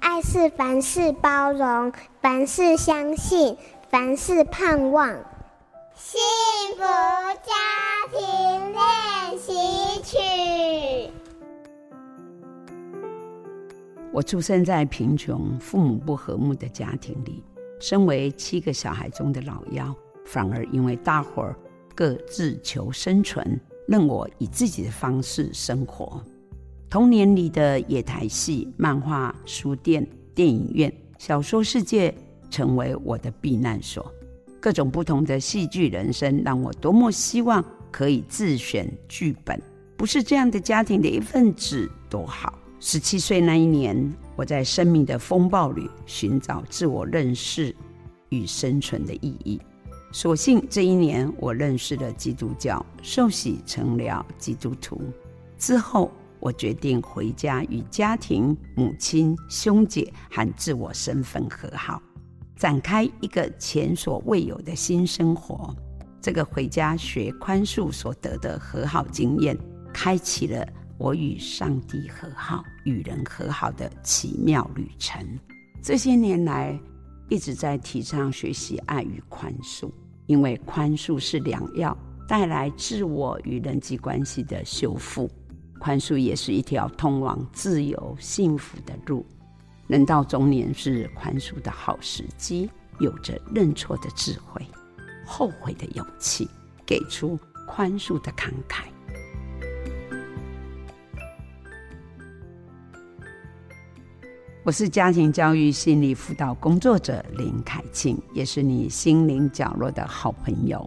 愛是凡事包容，凡事相信，凡事盼望。幸福家庭練習曲。我出生在貧窮、父母不和睦的家庭裡，身為七個小孩中的老幺，反而因為大夥兒各自求生存，讓我以自己的方式生活。童年裡的野台戲、漫畫、書店、電影院、小說世界，成為我的避難所。各種不同的戲劇人生，讓我多麼希望可以自選劇本。不是這樣的家庭的一份子，多好！十七歲那一年，我在生命的風暴裡尋找自我認識與生存的意義。所幸，這一年我認識了基督教，受洗成了基督徒。之後，我決定回家與家庭、母親、兄姐和自我身份和好，展開一個前所未有的新生活。這個回家學寬恕所得的和好經驗，開啟了我與上帝和好、與人和好的奇妙旅程。這些年來，一直在提倡學習愛與寬恕，因為寬恕是良藥，帶來自我與人際關係的修復。寬恕也是一條通往自由幸福的路。人到中年是寬恕的好時機，有着認錯的智慧，後悔的勇氣，給出寬恕的慷慨。我是家庭教育心理輔導工作者林凱沁，也是你心靈角落的好朋友。